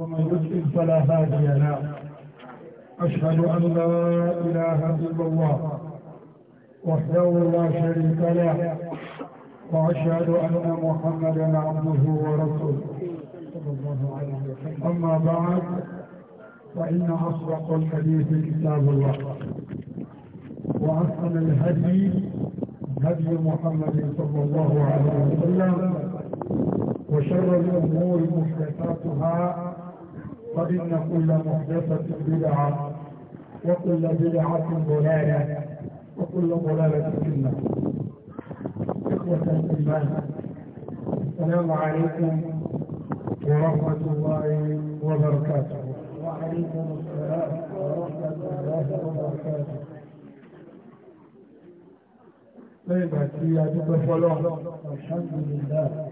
ومن يضلل فلا هادي له أشهد أن لا إله إلا الله وحده لا شريك له وأشهد أن محمدا عبده ورسوله أما بعد فإن أصدق الحديث كتاب الله وأحسن الهدي هدي محمد صلى الله عليه وسلم وشر الأمور محدثاتها فإن كل محدثة بدعة وكل بدعة ضلالة وكل ضلالة في النار إخوة الإيمان السلام عليكم ورحمة الله وبركاته وعليكم السلام ورحمة الله وبركاته ليلة هي تتفلون الحمد لله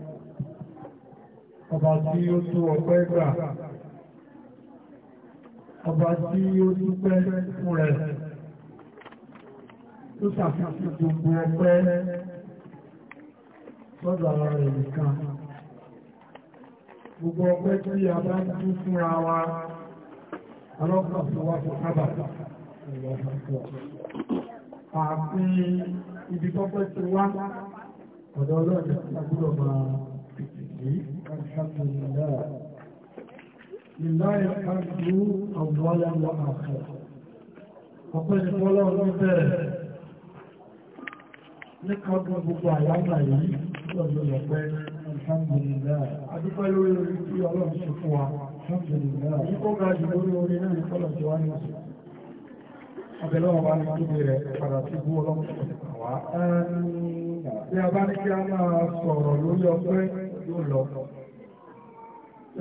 أبعثي يوسف وقيقة ọba tí ó dúpẹ́ fún rẹ̀ tó ṣàfihàn gbogbo ọpẹ́ sọ́dọ̀ ara rẹ̀ nìkan gbogbo ọpẹ́ tí a bá ń dún fúnra wa alọ́pàá fún wa fún kábàtà ààfin ibi tọ́pẹ́ ti wá ọ̀dọ̀ ọlọ́ọ̀dẹ̀ àgbúrò máa pìtìkì alhamdulillah لله الحمد أولا وآخرا ọ̀pẹ́ni fọ́lọ́ ọdún bẹ̀rẹ̀ ní kọ́dún gbogbo àyàmà yìí lọ́dún lọ́pẹ́ alhamdulillah adúpẹ́ lórí orí tí ọlọ́run ṣe fún wa alhamdulillah yìí kó ga jù lórí orí náà fọ́lọ̀ tí wá ní oṣù abẹ́lọ́wọ́ bá ní kíbi rẹ̀ padà sí bú ọlọ́run wá bí a bá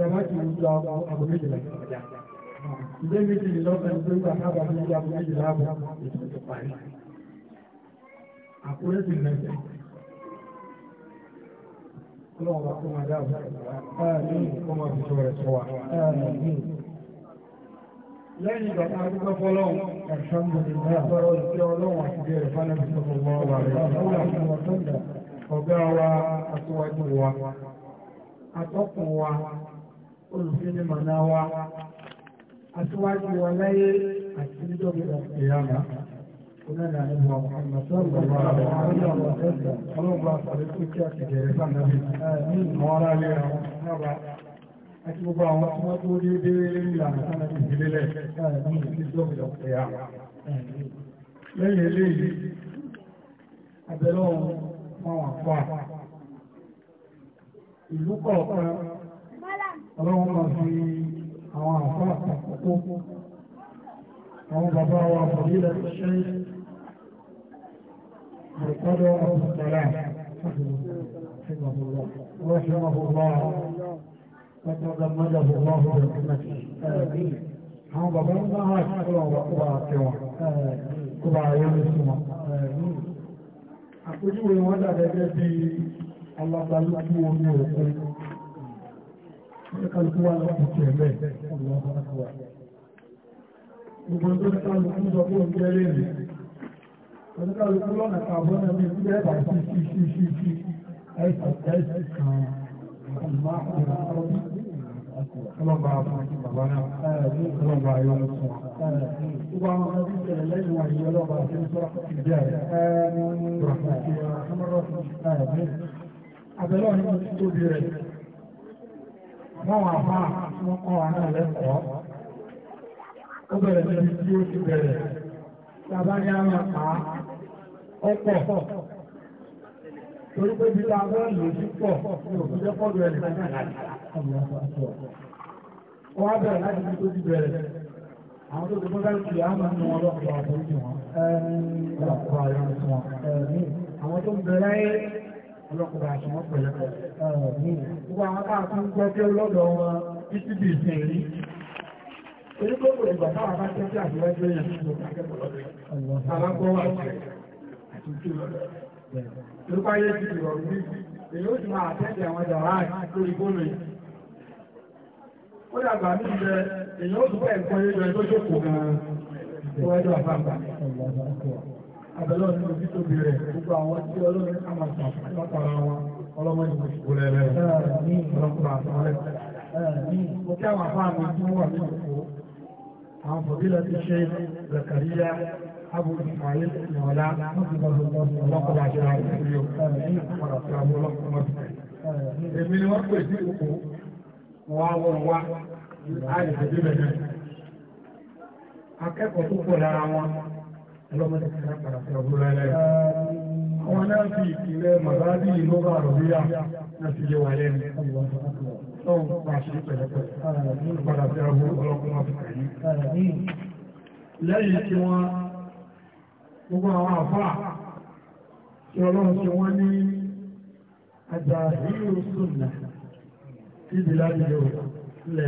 ẹ̀rọ ti ń lọ àbò méjìlá ìdé méjìlá lọ́sẹ̀ tó ń gbà sábà ní ìyá àbò méjìlá àbò ètò tó parí àkúrẹ́ sì lẹ́sẹ̀ ọlọ́run bá kó máa dáàbò kó máa fi sọ rẹ̀ sọ wa lẹ́yìn ìgbà tí a dúpẹ́ fọ́lọ́hun alhamdulillah àbárọ̀ ìpẹ́ ọlọ́run àti bẹ̀rẹ̀ fánàbí olùfẹ́ni mọ̀nà wa aṣíwájú wa láyé àti ọmọ a wọ́n tó ìlànà ọlọ́run máa fi àwọn àfáà àkọ́kọ́ àwọn bàbá wa fòrílẹ̀ ṣe ìrìkọ́dọ̀ ọ̀pọ̀tàlá رحمه الله وتغمده الله برحمته àwọn bàbá ń bá hàn sí ọ̀rọ̀ ọba àtẹwà kó bá ayé ní súnmọ́ àpójúwé wọ́n dàbẹ́gẹ́ bí alábàlúkú omi òkun Ìkàlùkúwà ìkẹ̀ mẹ́ ọ̀rọ̀ tó ní rẹ̀ wọ́n wà bá tí wọ́n kọ́ wa náà lẹ́kọ̀ọ́. Ó bẹ̀rẹ̀ lẹ́ni tí ó ti bẹ̀rẹ̀. Bàbá ní a máa pa ọ̀pọ̀. Torí pé bí lábẹ́ ìlú sí pọ̀ ní òkúté pọ̀lú ẹni Wọ́n á bẹ̀rẹ̀ láti fi tó ti bẹ̀rẹ̀. Àwọn tó ti mọ́ láti fi àmà nínú ọlọ́pàá àforíjì wọn. Ẹni ọ̀pọ̀ àyọ̀ àwọn tó ń bẹ̀rẹ̀ ọlọ́kùnrin àti wọ́n pẹ̀lẹ́ gbogbo àwọn bá tún gbọ́ pé lọ́dọ̀ wọn títí bí ìsìn rí torí pé kò ìgbà táwọn bá tẹ́ sí àtiwájú èèyàn nínú akẹ́kọ̀ọ́ lọ́dọ̀ alágbọ́ wà jẹ́ àti ojú lọ́dọ̀ torí páyé ti rọrùn ní èyí ó sì máa àtẹ́jì àwọn jàrá lórí gómìnà ó dàgbà ní ilẹ̀ èyí ó sì fẹ́ ẹ̀kọ́ yóò jẹ́ tó jókòó gan-an tó wájú àfáàgbà àbẹ̀lọ́ nínú bí tó bẹ̀rẹ̀ gbogbo àwọn tí ọlọ́run ká máa tà látara wọn ọlọ́mọ ìlú ìṣòro rẹ̀ rẹ̀ ní ìrọ́pọ̀ àtọ́rẹ́ ní mo kí àwọn afá mi tí wọ́n wà ní òkú àwọn fòbílẹ̀ ti ṣe Zakariya Abu Ismail Ìwọlá ọlọ́kọ̀ọ́ àti àwọn ìṣòro ní ìpàdà tí àwọn ọlọ́kọ̀ọ́ mọ̀ èmi ni wọ́n pè sí òkú wọ́n á wọ́n wá àìsèdébẹ̀ náà akẹ́kọ̀ọ́ tó pọ̀ lára wọn ọlọ́mọdé ti rán padà sí ọdún rẹ̀ àwọn náà fi ìpìlẹ̀ màbáàdì ìlọ́gbà àròbíyà náà ti lé wa lẹ́nu ọlọ́run pàṣẹ pẹ̀lẹ́pẹ̀lẹ́ padà sí ọdún ọlọ́kùn wọn fi kàyí lẹ́yìn tí wọ́n gbogbo àwọn àfáà tí ní àjà ìrù sùn náà ìdílá ìlú ilẹ̀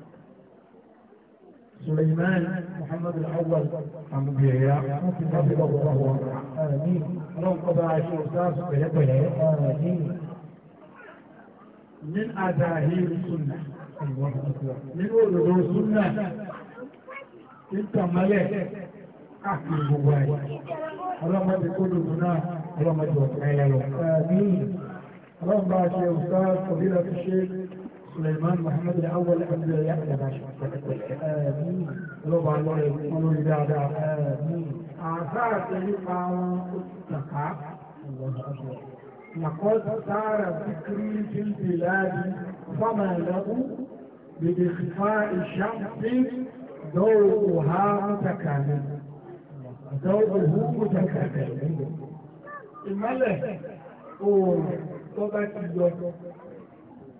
سليمان محمد الأول أنبياء حفظه الله آمين لو قضى الشيطان بيده آمين من أداهير السنة من ولده السنة انت ملك أحكي بواي رمض كل هنا رمض وفعل له آمين رمض الشيطان قبيلة الشيخ سليمان محمد الأول الحمد لله أبو يعلى باشا آمين ربع الله يقول لدعا آمين أعطاك لقاء أتقى الله أكبر لقد صار ذكري في البلاد فما له بإخفاء شمس ضوءها متكامل ضوءه متكامل إماله أوه طبعا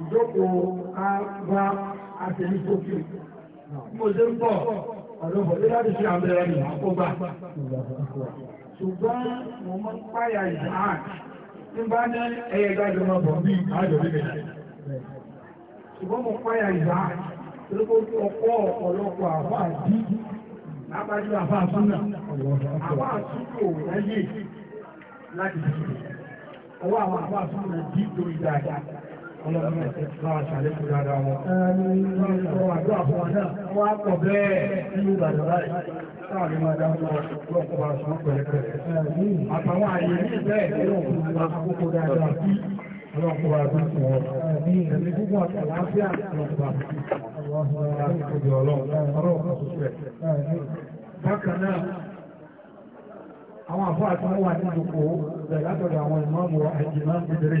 ìjókòó àgbà àtẹ̀lẹ́sókè. Mo ṣe ń bọ̀ ọ̀dọ́bọ̀ ní láti ṣe àbẹ̀rẹ̀ ní àkóbá. Ṣùgbọ́n mo mọ́ ń páyà ìdáhàn tí bá ní ẹyẹ gbájọ máa bọ̀ bí àjọ bí bẹ̀rẹ̀. Ṣùgbọ́n mo páyà ìdáhàn tí ó kó ọ̀pọ̀ ọ̀pọ̀lọpọ̀ àbá àdí lábájú àbá àtúnà. Àbá àtúnà láyé láti ṣe. Ọwọ́ àwọn àbá àtúnà dí torí dáadáa ọlọ́run ẹ̀ bá aṣàlékún lára wọn. ọ̀rọ̀ àdúrà fún wa náà wọ́n á pọ̀ bẹ́ẹ̀ àwọn àfáà tí wọ́n wà ní ìdòkó bẹ̀rẹ̀ látọ̀dọ̀ àwọn ìmọ̀ọ́mù àjìmá ìdírí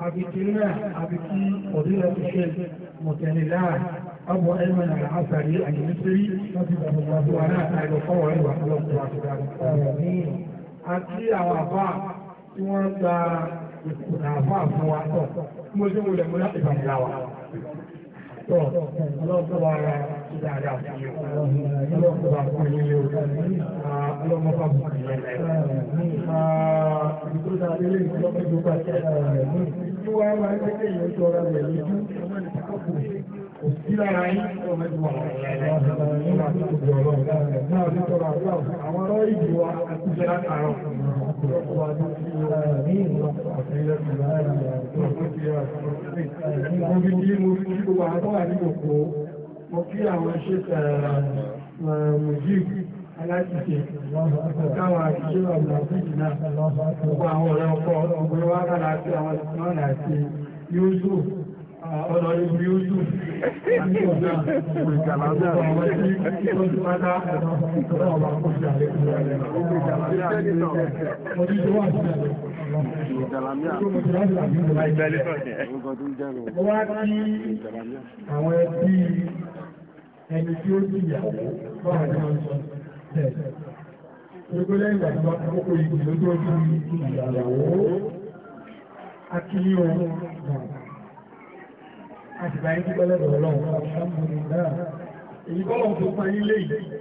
أبكنا أبكي فضيلة الشيخ متنلاع أبو أيمن العسري المصري حفظه الله على أهل قوله وحفظه الله àti àwọn àbá tí wọ́n gba ìkùnà àbá fún wa tọ̀. Mo ṣe wọlé mú láti bàjẹ́ wa. Tọ́ ọlọ́gbọ́n ara sí dáadáa fún yín ọlọ́run bá fún yín lé ọlọ́run bá fún yín lẹ́lẹ́ ìdúró dáadáa lé ìjọba ìjọba tí wọ́n máa ń tẹ́kẹ̀ yẹn tó ọ̀rọ̀ rẹ̀ lójú kò sí lára yín ọmọ ìwà àwọn ọ̀rọ̀ ìdí wa àtúnṣe látàárọ̀ Ìgbòmìnì mo fi gbogbo àwọn tó wà ní òkú mo kí àwọn ṣe mùjíìkì aláṣìṣe káwọn àṣìṣe ọ̀gbà fíjì náà gbogbo àwọn ọ̀rẹ́ ọkọ̀ ọgbẹ̀rẹ̀ wákàlá àti eh, àwọn ìsìnkú àti yóò ọ̀nà ìlú yóò tún àwọn tí ẹni tí ó ní ìyàwó bọ́ọ̀rọ̀ ní wọ́n sọ bẹ́ẹ̀. Gbogbo lẹ́yìn ìgbà tó bá kókó ìgbì lójú ọdún ìyàwó akíní ọ̀rọ̀ àti báyìí tí pẹ́lẹ́bẹ̀ ọlọ́run alhamdulillah èyí bọ́lọ̀ tó pa nílé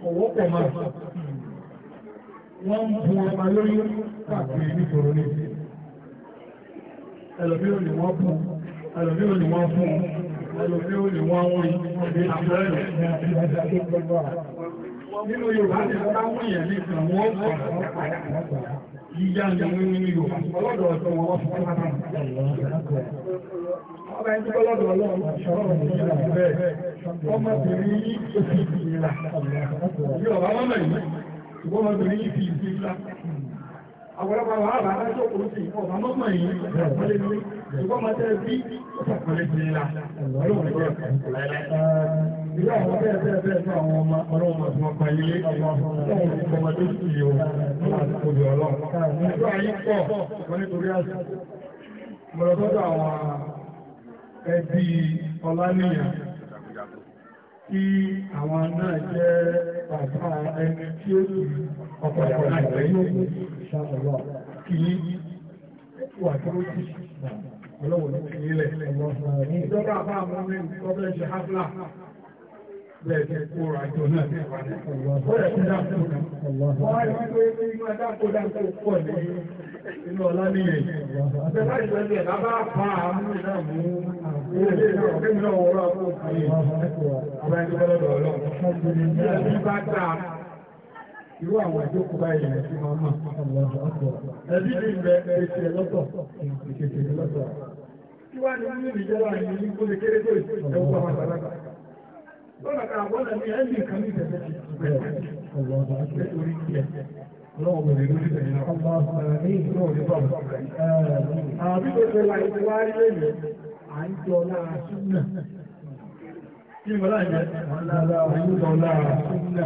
ọwọ́ pọ̀ máa wọ́n ń bu ọmọ lóyún káàkiri nítorí ní ẹlòmíràn ni wọ́n fún Nínú ìyá ni wọ́n ní Yorùbá. Ọlọ́dọ̀ ọ̀tọ̀ wọn wọ́n fún wọn. Ọba ẹni tó lọ́dọ̀ ọlọ́run ṣọ́rọ̀ ìjọba bẹ́ẹ̀. Ọmọbìnrin yìí ó fi ìlà ṣùgbọ́n máa tẹ́ bí ó sàpẹ̀lẹ̀ sí ńlá ọlọ́run ẹgbẹ́ ẹ̀kọ́ ìkọ̀láyé. Ilé àwọn bẹ́ẹ̀ bẹ́ẹ̀ bẹ́ẹ̀ fún àwọn ọmọ ọlọ́run àti wọn pa ilé ọmọ ọmọdé sí náà jẹ́ bàbá ẹni tí ó sì ọ̀pọ̀ ìyàwó àìpẹ́ yóò kì í wà tó ti ọlọ́wọ̀ ní ti nílẹ̀ ìjọba àbá àwọn ọmọ ìjọba ṣe hafla bẹ̀ẹ̀kẹ́ kó ràjọ náà ní ìwádìí ọ̀rẹ́ kó dákó náà wọ́n á yọ́ pé inú adákó dákó pọ̀ ní inú ọlá níyẹ̀ àbẹ́bá ìgbẹ̀lẹ̀ lábá pa àmú náà mú orílẹ̀ náà ọ̀gbẹ́ náà wọ́rọ̀ àpò òkú yìí àbáyé tó bọ́lọ́dọ̀ ọlọ́run irú àwọn ìjókòó báyìí rẹ̀ sí máa máa ọ̀pọ̀lọpọ̀ ọ̀pọ̀ ẹbí ní ilẹ̀ èsì ẹlọ́tọ̀ ìpèsè ẹlọ́tọ̀ kí wá ní mílíọ̀nù ìjọba yìí ní kó lè kéré tó ìsìn ẹ̀wọ́ àwọn àgbàlagbà lọ́nà kan àbọ́nà ní ẹ̀mí kan ní ìtẹ̀tẹ̀ ti bẹ̀rẹ̀ ọ̀pọ̀lọpọ̀ àti orí tiẹ̀ lọ́wọ́ bẹ̀rẹ̀ lórí bẹ̀rẹ̀ náà ọmọ ọ̀rẹ́ ní ìlú òní bọ̀rọ̀ àbí gbogbo wa ìlú wa rí lẹ́yìn à ń jọ lára súnà kí wọ́n láyé àwọn ọ̀la àyúbọ̀ lára súnà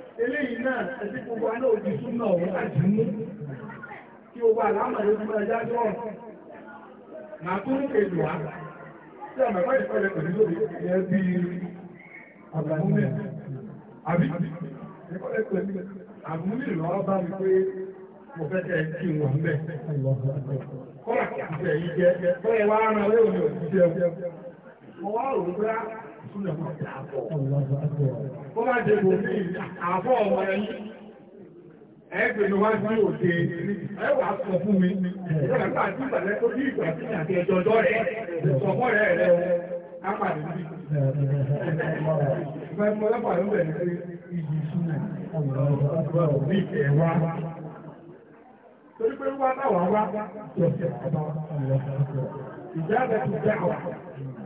eléyìí náà ẹ̀sí gbogbo náà òjì súnmọ̀ òun àti mú kí o bá aláàmàlẹ́ fún ẹjá jọ́ máa tún ní èlò wá tí a bàbá ìfẹ́lẹ̀ pẹ̀lú lórí ẹ̀ bí lọ́wọ́ bá mi pé mo fẹ́ tẹ́ kí Ọ máa dà àbọ̀. Ó máa dè bò ní àbọ̀ ọmọ ẹ̀yìn. Ẹ pè ní wájú òde ẹ wà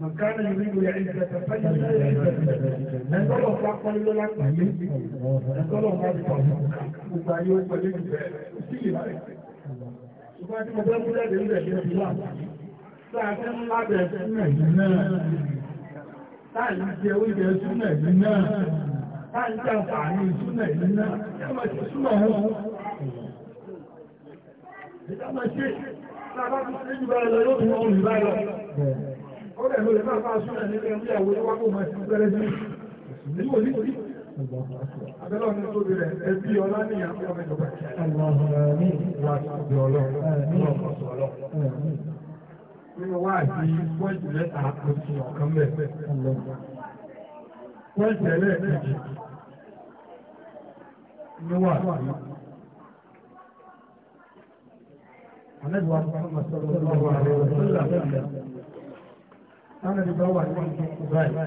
من كان يريد العزة فلله العزة kọ́dà ló lè máa bá aṣọ náà nílé ẹ̀mí àwọn ẹwà kó máa ti pẹ́rẹ́ sí nínú òní abẹ́lẹ́ ọ̀nà tó bẹ̀rẹ̀ ẹbí ọlá ní àwọn ọmọ ìjọba nínú wá àti pọ́ìntì mẹ́ta oṣù ọ̀kan bẹ̀ pọ́ìntì ẹlẹ́ẹ̀kejì ní wà sí Anẹ́gbọ́n Mọ́sọ̀rọ̀ lọ́wọ́ àwọn ọ̀rọ̀ táwọn ẹni bá wà ní ìjókòó báyìí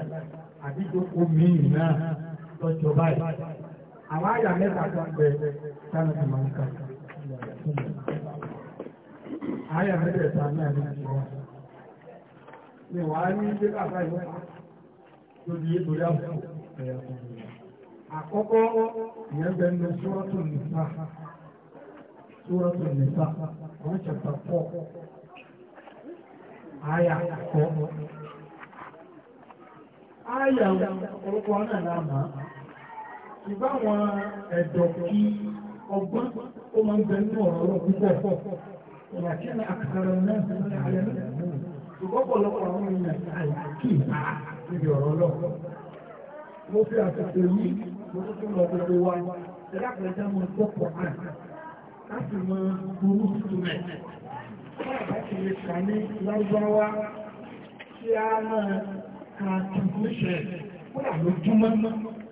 àbí ìjókòó míì náà tọ́jọ báyìí àwọn àyà mẹ́ta tó ń bẹ táwọn ẹni máa ń kà àyà mẹ́tẹ̀ẹ̀ta náà ní ìjọba ni wàá ní ilé bàbá ìwé lórí àkọ́kọ́ ìyẹn bẹ ní sóràtò nìfà sóràtò nìfà wọ́n ṣẹ̀ta pọ̀ àyà kọ́. Àyà orúkọ náà la mọ̀ á. Ìbáwọn ẹ̀dọ̀ kí ọgbọ́n ó máa ń bẹ nínú ọ̀rọ̀ ọ̀rọ̀ púpọ̀. Ìyà ni àkàrà náà ń ayẹ náà. Ṣùgbọ́n pọ̀lọpọ̀ àwọn èèyàn àyà kì í bá níbi ọ̀rọ̀ lọ. Mo fi àtàkùn yìí mo tún tún lọ gbogbo wa. Ṣé dákùnrin jẹ́ mo gbọ́ pọ̀ àná? Láti mọ orúkú tó láti lè kà ní lágbáwá tí a máa ka kìkúṣẹ̀ fúnà lójúmọ́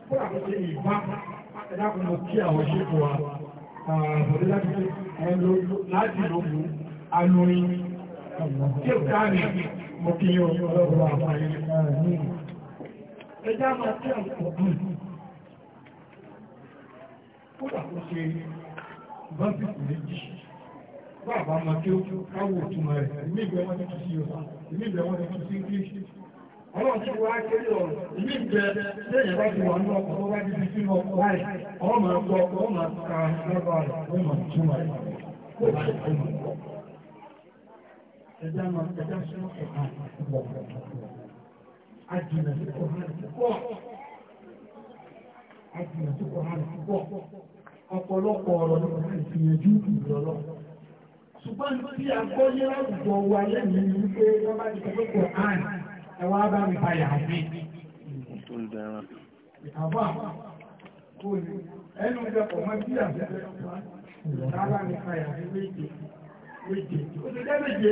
fúnà tó ṣe ìbá ẹ̀dàkùn mọ̀ kí àwọn ṣètò wa àbọ̀dé láti ṣe ẹ̀lò láti lòmù alóyìn tí ó dáàrí mọ̀ kí yóò ọlọ́rọ̀ àbáyé ẹjá máa méjì. bá àbá máa kí ó káwọ òtúmọ̀ rẹ̀ ìmí ìgbẹ́ wọn ti tù sí yorùbá ìmí ìgbẹ́ wọn ti tù sí english ọlọ́run tí wọ́n á kéré ìmí bá ti wà ní ọkọ̀ tó bá ti sínú ọkọ̀ ọ̀rọ̀ máa gbọ́ ọ̀rọ̀ máa ka lọ́gbà rẹ̀ ó máa máa ẹja máa ẹja ṣùgbọ́n tí a gbọ́ yé láwùjọ wa lẹ́nu ní pé wọ́n bá ti kọ́kọ́ kọ̀ án ẹwà bá mi balẹ̀ àmì. àbá kò ní ẹnu ìjọpọ̀ mọ́ sí àbẹ̀rẹ̀ ọ̀pá bá mi balẹ̀ àmì méje méje ó ti dẹ́ méje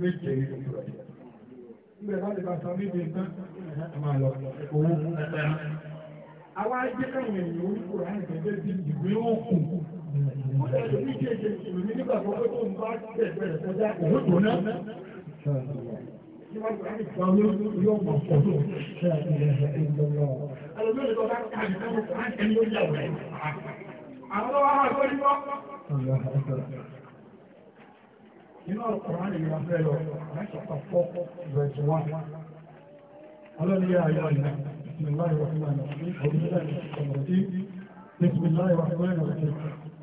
méje nígbà bá ti bá sọ méje tán ẹ máa lọ owó àwọn ajé káwọn òkùnkùn. Iná ọ̀pọ̀rán ni ìwà fẹ́ lọ, láìsọ̀pọ̀ fọ́ ìrẹ̀jẹ̀ wá. Ọlọ́ni yá ayọ́ ìlú, ìsìnláì rọ̀fún àná, orílẹ̀-èdè ìsìnláì rọ̀fún àná.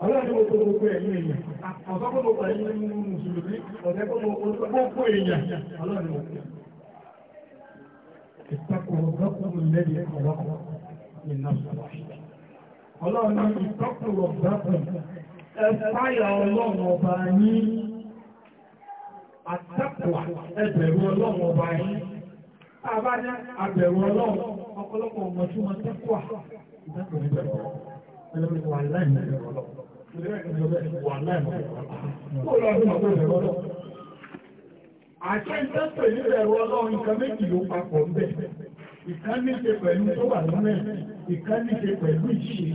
Ọlọ́run tó gbogbo ẹ̀yìn èèyàn, ọ̀sọ́gbogbo ẹ̀yìn mùsùlùmí, ọ̀sẹ́gbogbo èèyàn, ọlọ́run اتقوا ربكم الذي خلقكم من نفس واحدة ọlọ́run اتقوا ربكم ẹ̀fáyà ọlọ́run ọba yín àtẹ́kùwà ẹbẹ̀rù ọlọ́run ọba yín àbájá àbẹ̀rù ọlọ́run ọ̀pọ̀lọpọ̀ ọmọ tí wọ́n tẹ́kùwà ìdákùnrin bẹ̀rù ọlọ́run Àṣẹ ìtẹ́sẹ̀ nílẹ̀ ẹ̀rọ ọlọ́run nǹkan méjì ló papọ̀ ń bẹ̀. Ìkan ní ṣe pẹ̀lú tó wà lọ́mẹ̀, ìkan ní ṣe pẹ̀lú ìṣe.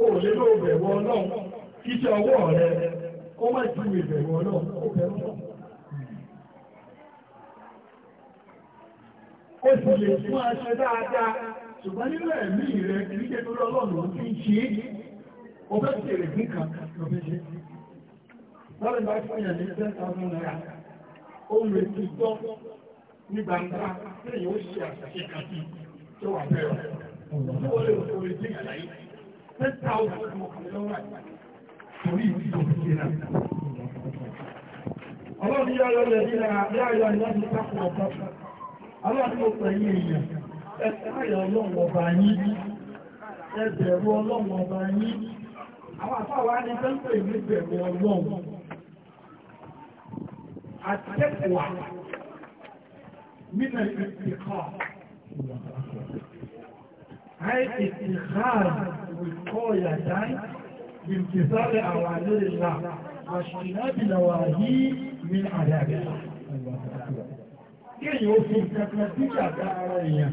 Ó lè ló bẹ̀rù ọlọ́run, kí ṣe ọwọ́ rẹ̀, ó má ti lè bẹ̀rù ọlọ́run, ó bẹ̀rù ọlọ́run. Ó sì lè fún aṣọ dáadáa ṣùgbọ́n nínú ẹ̀mí rẹ̀ ìríjẹ́ tó lọ́lọ́rùn tí ń ṣe ó fẹ́ sí èrè fún kan lọ́fẹ́ṣẹ́ lọ́rẹ̀ bá fún èèyàn ní ten thousand naira ó ń retí gbọ́ ní gbangba tí èèyàn ó ṣe àṣàṣe kan sí tó wà bẹ́ẹ̀ rẹ̀ ó lè wọ́n lè dín àlàyé ten thousand mọ̀kànlélọ́wọ́ torí ìdíjọ́ fi ṣe náà ọlọ́run yára lẹ́yìn náà yára lẹ́yìn náà ẹ̀kọ́ àwọn àfáwà ní sẹ́ńpẹ̀ ní ọlọ́run àtẹ́kùwà nínú ìpìkọ́ àìkìtìkáàrì wìkọ́ yàdá ìpìsáré àwọn àlérìlá àṣìlábìlàwà yìí ní àdàbẹ̀ Kí èyàn ó fi ìkàkà sí àdá ara èèyàn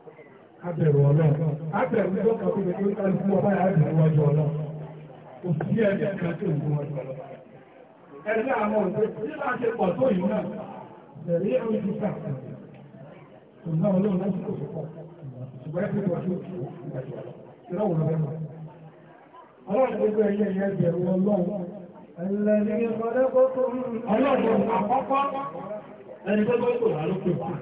abẹ̀rù ọlọ́run abẹ̀rù lọ́kàn tó lè tó ń fún ọba yà bẹ̀rù ọjọ́ ọlọ́run kò sí ẹ̀mí kan ẹgbẹ́ àwọn òṣèlú tí láti pọ̀ tó yìí náà bẹ̀rẹ̀ yẹn ń fi sáà kò ọlọ́run láti kò tó pọ̀ tó kù ìgbàjọ́ ìrọ̀wọ̀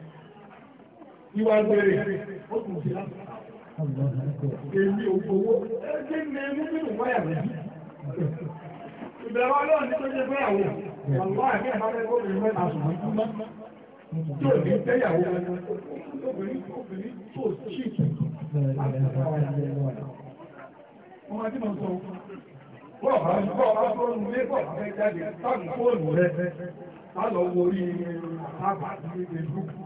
ìwà gbèrè ó kù ẹgbẹ́ mi mú nínú wáyà rẹ̀ ìbẹ̀rọ ọlọ́run ní tó jẹ́ fẹ́yàwó ọ̀lọ́ àmì àbábẹ́gbó mi mẹ́ta ṣùgbọ́n tó má tí ò ní fẹ́yàwó obìnrin obìnrin tó chíìkì láti ọ̀rọ̀ ọmọdé máa sọ Bọ́ọ̀bá ń bọ́ ọ̀bá tó ń lé bọ̀ọ̀bá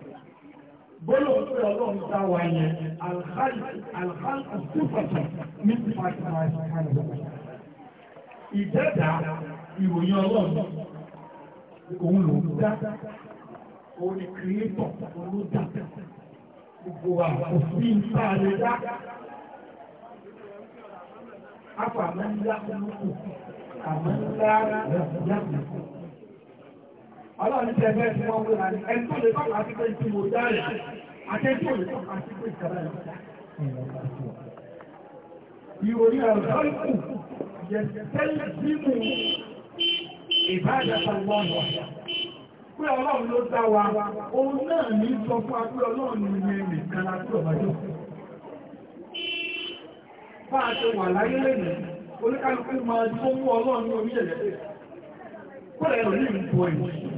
gbólóhùn pé ọlọ́run dá wa yẹn alhálùkù sífàtà ní sífàtà ìdẹ́dà ìròyìn ọlọ́run òun ló dá òun ni kìrìtọ̀ òun dá gbogbo wa kò sí nǹkan àlè dá afa àmọ́ ńlá kúlùkù àmọ́ ńlá yàtọ̀ yàtọ̀. Ọlọ́run ti ẹgbẹ́ tí wọ́n wó láti ẹni tó lè tọ́ka sí pé tí mo dá rẹ̀ àtẹ́tí ò lè tọ́ka sí pé ìjọba rẹ̀. Ìròyìn àrùsọ́lùkù yẹ tẹ́lẹ̀ nínú ìbáàdàta wọn wà. Pé Ọlọ́run ló dá wa, òun náà ní sọ fún wa pé Ọlọ́run ní ìyẹn nìkan láti ọ̀bájọ́. Bá a ṣe wà láyé lẹ́yìn, oníkálukú máa tó mú Ọlọ́run ní orí ẹ̀lẹ́dẹ̀. Kọ́lẹ̀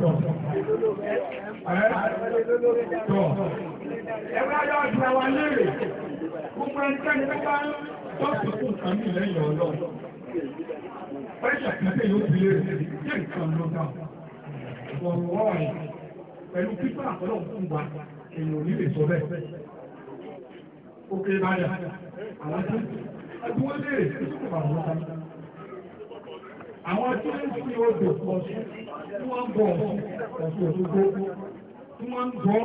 Tọ́. Ẹgbẹ́ ayọ́ ìgbà wa lérè. Gbogbo ẹnikẹ́ni tó bá ń tọ́sí fún ìkànnì lẹ́yìn ọlọ́run. Pẹ́ṣẹ̀ kẹ́kẹ́ yóò fi lérè sí ìkan ló dá. Ọ̀rọ̀ wọ́ ẹ̀ pẹ̀lú pípa àkọ́lọ̀ fún wa èèyàn ní lè sọ bẹ́ẹ̀. Ó kéré báyà. Àwọn tó ń tẹ̀wọ́n lérè sí ìkọ̀ọ̀rọ̀ àwọn tí wọ́n ń fi odò pọ̀ṣù tí wọ́n ń bọ̀ pọ̀ṣù òdòdó tí wọ́n ń bọ̀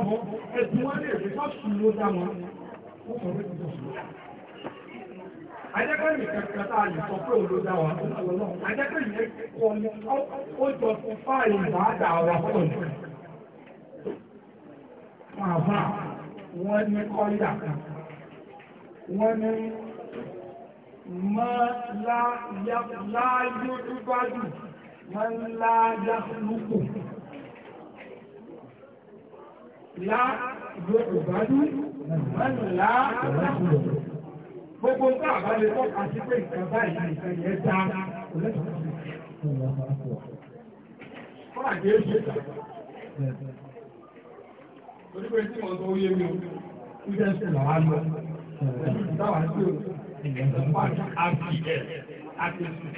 ẹ̀tí wọ́n lè rí pọ̀ṣù ló dá wọn ó sọ pé pọ̀ṣù. Ajẹ́kẹ́rì kẹta tá a lè sọ pé òun ló dá wa. Ajẹ́kẹ́rì yẹn kọ ni ó jọ fún fáàlì ìbáàdà wa pọ̀ ní. Wọ́n àbá wọ́n ní kọ́ńdà kan. Wọ́n ní láyé ìbádù wọ́n láyé lúkù láyé ìbádù wọ́n láyé lúkù gbogbo ń tàbá lè tọ́ka sí pé nǹkan báyìí nǹkan yẹn dá fún àjẹ́ ìṣẹ́ta orígbé tí wọ́n tó yé mi ó jẹ́ sí làálọ́ ẹ̀sùn táwà sí òun RPS àtẹ̀sù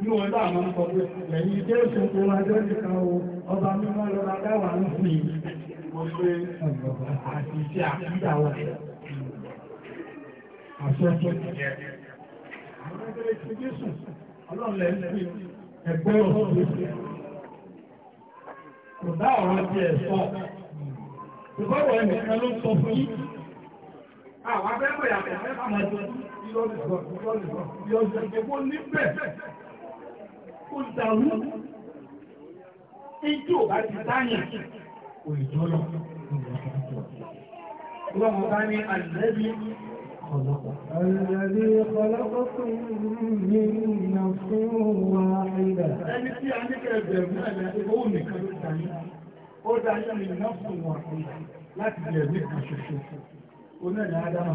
ní wọn dá àwọn ọkọ̀ pé lẹ́yìn ilé ìṣòkò ajọ́ ìkan o ọba àti iṣẹ́ àkídà wọn àwọn ẹgbẹ́ ìṣẹ́gẹ́sùn ọlọ́run lẹ́yìn ẹgbẹ́ òṣèlú kò dá ọ̀rọ̀ ti ẹ̀ sọ ìgbọ́wọ̀ ẹnìkan ló Ìjú ọba ti táyàn, òìjọ́lọ̀ Ọlọ́run bá ní àìlẹ́bí ọlọ́pàá. Àìlẹ́bí ọlọ́pàá ní ìrìnà fún wa ìdà. Ẹni tí a ní kẹ́ẹ̀bẹ̀rẹ̀ mú ẹ̀lẹ́ ó nìkan ló dáyé. Ó dáyé ni náà fún wa láti bẹ̀rẹ̀ ní àṣẹṣẹ́. Oná ni Ádámà.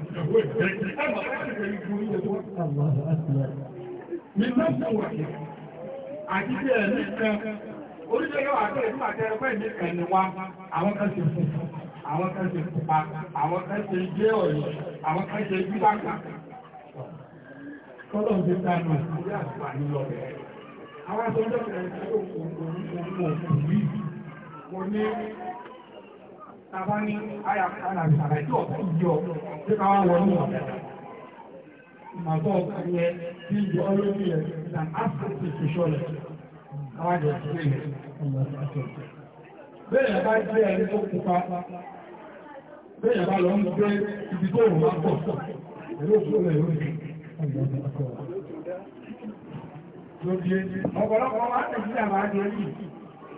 Àti bí ẹ̀ ní kan, orílẹ̀-èdè wà tó ìfún àti ẹgbẹ́ ìní kan ni wá, àwọn kan ṣe fún, àwọn kan ṣe pupa, àwọn kan ṣe gbé ọ̀rẹ́, àwọn kan ṣe gbí bákan. Kọ́lọ̀ ń gbé dánù, orí àtìwà ní tàbá ní ayàkàrà ìṣàlàyé ọ̀pọ̀ ìjọ tí káwà wọ́n ní ọ̀pẹ̀ ìmọ̀tọ́ ọ̀pẹ̀ tí ìjọ olóògbé ẹ̀ ìdàn áfíríkì ìṣọ́lẹ̀ káwàjọ̀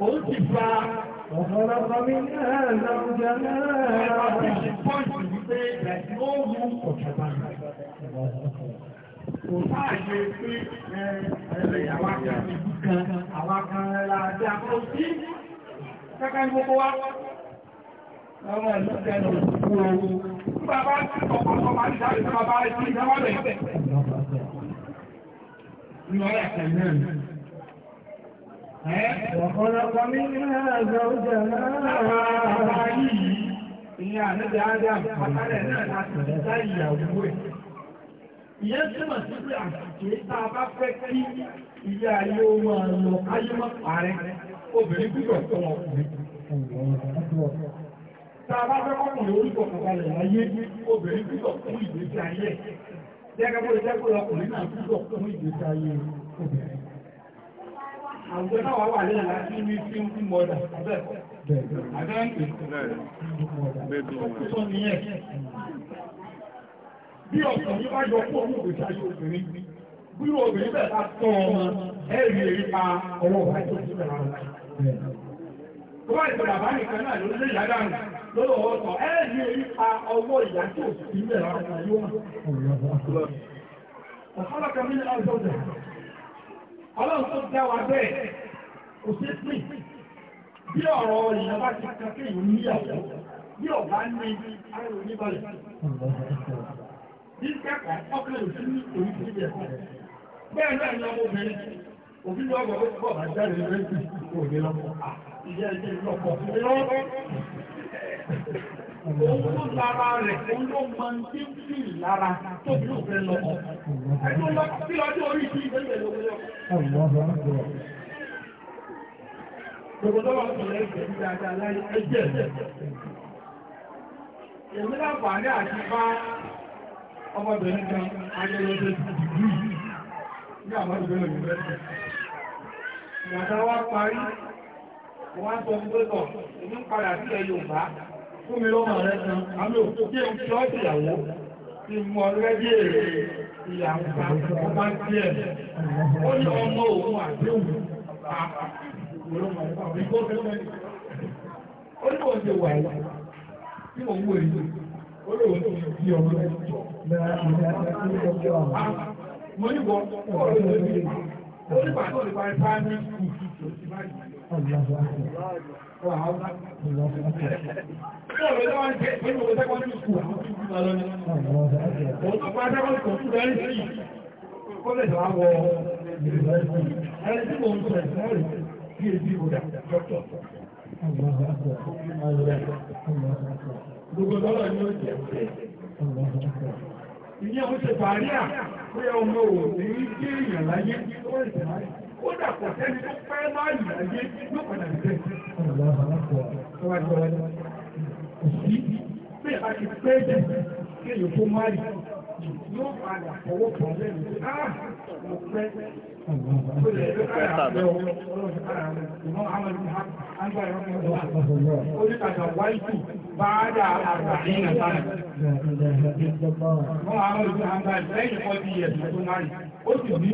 òun ti fa ọ̀pọ̀lọpọ̀ mi náà lọ́jọ́ náà. ẹ̀rọ ti ṣe pọ́ǹsì wípé ẹ̀sìn ó mú ọ̀jọ̀gbọ́n rẹ̀. kò sáàyè pé ẹ̀rẹ̀ àwa kan ìlú kan àwa kan la dé àpò sí kẹ́kẹ́ ní gbogbo wa. ọmọ ìlú kẹ́nu òkú ooru. bí bàbá ti kọ̀kọ́ sọ máa ń sáré sí bàbá rẹ̀ sí ìdáwọ́ rẹ̀. ìlú ọ̀rẹ́ àtẹ̀lẹ́ rẹ̀. وخلق منها زوجها Ìyá àníjà Adam, àkàrẹ̀ náà láti ìdá ìyàwó ẹ̀. Ìyẹ́ túnmọ̀ sí pé àṣìkè tá a bá fẹ́ kí ilé ayé ohun àrùn ayé mọ́ ààrẹ, obìnrin púpọ̀ tó wọn kùnrin. Tá a bá fẹ́ kọkùnrin orúkọ àwùjọ táwa wà lẹ́yìn láti ní sí ń fún mọ́dà abẹ́ẹ̀kọ́ bí ọ̀sán yí bá yọ fún ọmọ òkè ṣáyé obìnrin bí obìnrin bẹ́ẹ̀ bá tọ́ ọmọ ẹ̀rí èrí pa ọwọ́ ọ̀hún tó ti bẹ̀rẹ̀ àwọn ọ̀hún. tó bá ìpè bàbá nìkan náà ló lé ìyá dànù lọ́dọ̀ ọwọ́ sọ ẹ̀rí èrí pa ọwọ́ ìyá tó ti bẹ̀rẹ̀ àwọn ọ̀hún. ọ̀sán lọ́kàn mi ní àjọ bẹ̀rẹ̀ ọlọ́run tó dá wa bẹ́ẹ̀ kò sí pín bí ọ̀rọ̀ èèyàn bá ti kan kéèyàn níyàwó bí ọ̀gá ní ayò níbalẹ̀ bí kẹ́kọ̀ọ́ ọkàn yóò ní òun ti bẹ̀ bẹ́ẹ̀ náà ni ọmọbìnrin òfin lọ gbọ́ pọ̀ bá jáde lẹ́sìn ah, òde lọ́kọ̀ ìyá ẹgbẹ́ lọ́kọ̀ òun lára rẹ̀ òun ló mọ tí ń fi lára tó bí òfin lọ ọ̀pọ̀. Kí lọ́jọ́ orí kí ìgbésẹ̀ lówó lọ? Gbogbo tó wà sọ̀rọ̀ ẹgbẹ̀ ní dáadáa láyé ẹgbẹ̀ ẹgbẹ̀. Èmi láǹfààní àti bá ọmọbìnrin kan ayẹyẹ tó fún mi lọ́mọ rẹ̀ kan àmì òkúté ń ìyàwó ti mú ọlẹ́dí èrè ìyàwó ọmọ tí ẹ̀ ó ní ọmọ òun àdéhùn ó ní wọ́n wà ní tí ah, mo ó lè wọ́n ti ọmọ rẹ̀ jọ ní Kọ́lẹ̀dọ̀ Ìyẹ́ ó ṣe ó yẹ ọmọ òun ní kí èèyàn láyé, ó ìsẹ̀ láyé kódà kò sẹ́ni tó pẹ́ láàyè ayé ló padà bẹ̀. Òsì bí a ti pẹ́ jù kéèyàn tó máa yìí yóò padà fọwọ́ pọ̀ lẹ́nu pé á mo pẹ́. Oníkàtà wáìtù bá dà àgbàdínà sáà. Wọ́n àwọn olùkọ́ àgbà lẹ́yìn fọ́dí ẹ̀sùn tó máa yìí. Ó sì ní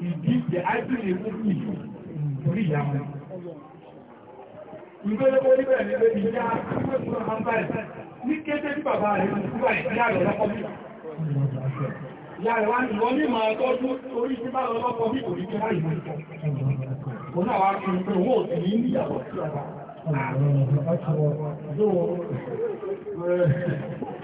ìdíje ájúlé fún ìlú orí ìyá wọn. Ìgbélé ní bẹ́ẹ̀ ìyá àtúgbò fún ọmọ báyìí ní kété tí bàbá rẹ̀ ń kúrò ìyá rẹ̀ lọ́kọ́ bí. Ìyá wá ní wọ́n ní máa tọ́jú orí sí bá lọ́kọ́ bí kò ní kí láì mú ìtọ́. náà wá fi pé owó òsì ní ìyàwó sí ọba.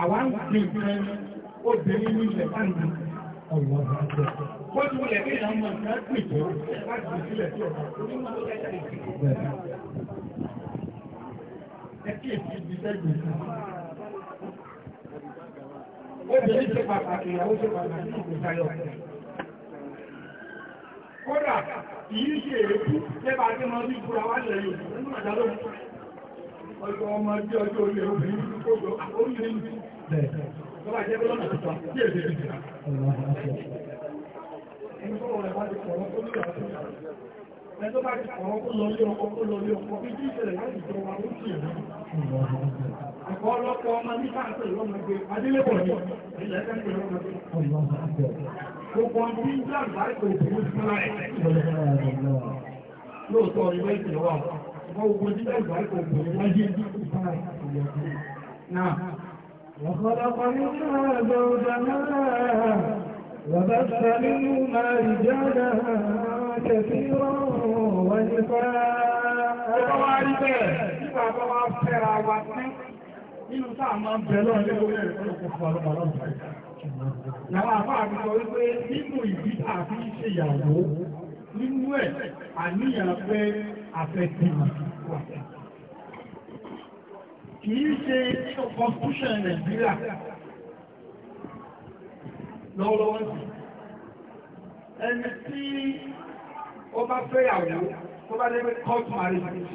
àwa ń gbé obìnrin ní ilẹ̀ bá nù. Ó ti wọlé ní ìyá ọmọ ìgbà pè tó láti fi sílẹ̀ sí Ẹ kí èsì ibi sẹ́gbẹ̀ẹ́ sí. Obìnrin ṣe pàtàkì ìyàwó ṣe pàtàkì ìgbésí ọjọ́ ọmọ ẹgbẹ́ ọjọ́ olè obìnrin tó kó orílẹ̀ ìlú tó bá jẹ́ lọ́nà tó sí èdè ìjìnà ẹni tó rẹ̀ bá ti kọ̀ọ̀rọ̀ tó lórí àti ìjìnà ẹni tó bá ti kọ̀ọ̀rọ̀ kó lọ lé ọkọ̀ kó lọ lé ọkọ̀ bí kí ìṣẹ̀lẹ̀ láti jọ wa ó sì èdè ẹ̀kọ́ ọlọ́pọ̀ ọmọ ní káàkiri lọ́mọdé adélébọ̀ ní ilẹ̀ ẹ̀kẹ́ ìpínlẹ̀ ọmọdé gbogbo ọmọ ní ìjàmbá ìkòkòrò fún láì lóòótọ́ ilé ìpínlẹ̀ wà gbogbo tí ó gbà kò gbò láyé ìfara ìyàgbé. Náà, ọ̀pọ̀lọpọ̀ nínú àjọ ìjọba وبث منهما رجالا كثيرا ونساء nínú táà máa ń bẹ lọ́wọ́ ilé orí ẹ̀rọ ọ̀pọ̀ ọ̀pọ̀ ọ̀pọ̀ ìyàwó àbá àti sọ wípé nínú ìdí àfi ṣe ìyàwó nínú ẹ̀ àníyàn pé affecting kìí ṣe constitution Nàìjíríà lọ́wọ́lọ́wọ́ sí ẹni tí ó bá fẹ́yàwó tó bá dẹ́gbẹ́ court marriage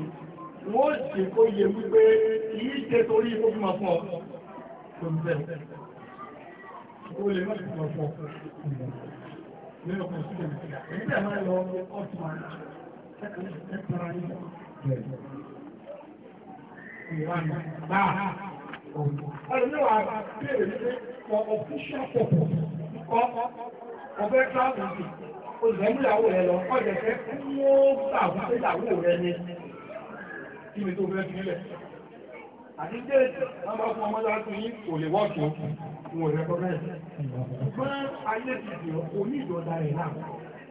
wọ́n ṣe kó yẹ wípé kìí ṣe torí ikú ọ̀pọ̀ tó ń bẹ̀rẹ̀ ó lè mọ́ sí ọ̀pọ̀ Ọ̀fẹ́ káàkùn sí, olùgbẹ̀múyàwó rẹ̀ lọ, ọjẹ̀ fẹ́ fún ó gbà wọ́n pé rẹ̀ ní ibi tó fẹ́ sílẹ̀. Àti déèdì, wọ́n bá fún ọmọ látún yí kò lè wọ́ọ̀kì ó, wọn rẹ̀ kọ́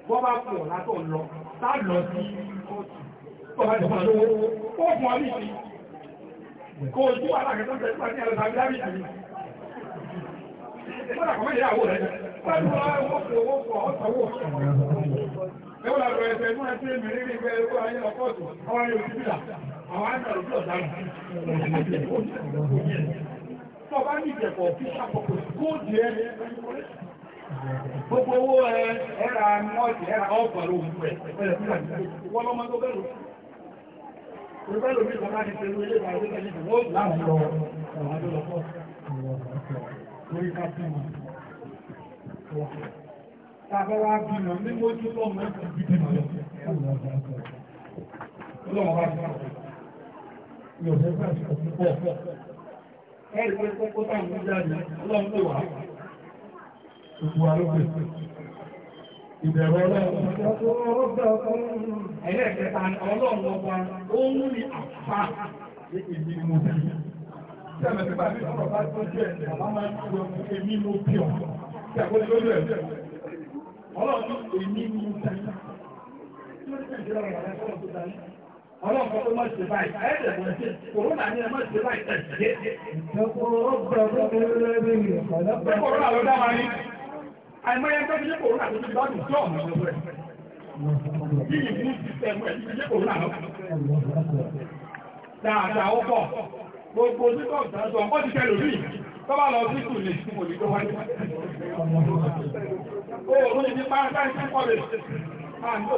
bọ́ fún ọ̀nà tó lọ sálọ sí ọba ìjọba lówó ó fún ọ níbi kó ojú alákẹ́tọ́ tẹ̀ sí àti àlọ́ta bíláàbí ìjì Mọ́nà kọ̀mọ́ ìyàwó rẹ̀, pẹ̀lú ọwọ́ owó fún ọ̀sọ̀wọ́. Ẹwọ́n àrọ̀ ẹ̀fẹ̀ inú ẹ̀tí mẹ́rin ní ìgbẹ́ ẹ̀kọ́ ayé ọkọ̀ọ̀tù, ọwọ́ ayé àwọn àjọ ìjọ Gbogbo owó eh, ẹ̀rà mọ́ọ̀tì ẹ̀rà ọ̀pọ̀lọ̀ òun rẹ̀ pẹ̀lẹ̀ fún àjíjẹ́. Wọ́n lọ́mọ tó bẹ̀rù. Olúbẹ̀lú mi kan láti pẹ̀lú ilé ìgbà ìgbà ìgbà ìgbà ìgbà ìgbà ìgbà Tàbọ́wà bímọ ní mójú lọ́mọ ìbíbímọ lọ. Ọlọ́run bá ti Yóò fẹ́ fẹ́ àti ọ̀pọ̀ pọ̀. Ẹ̀rì pé gbogbo arúgbó ọlọ́run ẹlẹ́ẹ̀kẹta ọlọ́run ọba ó àìmọ́yẹ tó ṣe kòrónà tó ti lọ́dún tí ọ̀nà ọ̀rọ̀ rẹ̀ yìí mú sísẹ̀mù ẹ̀ ṣe kòrónà lọ. dáadáa ó pọ̀ gbogbo títọ̀ ìdájọ́ ọkọ̀ ti tẹ̀lé rí tó bá lọ sí ìtùlẹ̀ tí mo lè tó wáyé. ó òun ní nípa sáyẹ́ sí kọ́lẹ̀ máa ń tó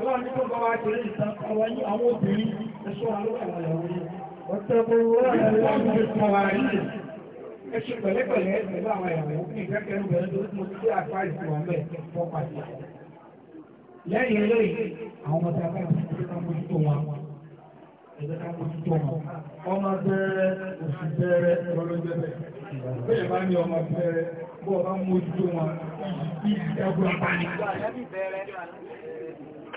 Ọlọ́run ní kó bá wá kiri ìtàn ọwọ́ yí àwọn obìnrin ẹ̀ṣọ́ alókè àwọn ìyàwó yìí. Ọ̀tẹ̀bọ̀ wọ́n rẹ̀ wọ́n fi kọ̀ wá rí. Ẹ ṣe pẹ̀lẹ́pẹ̀lẹ́ pẹ̀lú àwọn ìyàwó ní ìfẹ́kẹ̀rù bẹ̀rẹ̀ tó mú sí àpá ìfún ọmọ ẹ̀ fọ́ pàṣẹ. Lẹ́yìn eléyìí, àwọn ọmọ tí a bá ti fi ká mójútó wọn. Ẹ̀jẹ̀ ká Bẹ́ẹ̀ bá ní ọmọ bẹ̀rẹ̀ bọ́ ọ bá mójútó wọn. Ìyí ẹ̀gbọ́n pa ni.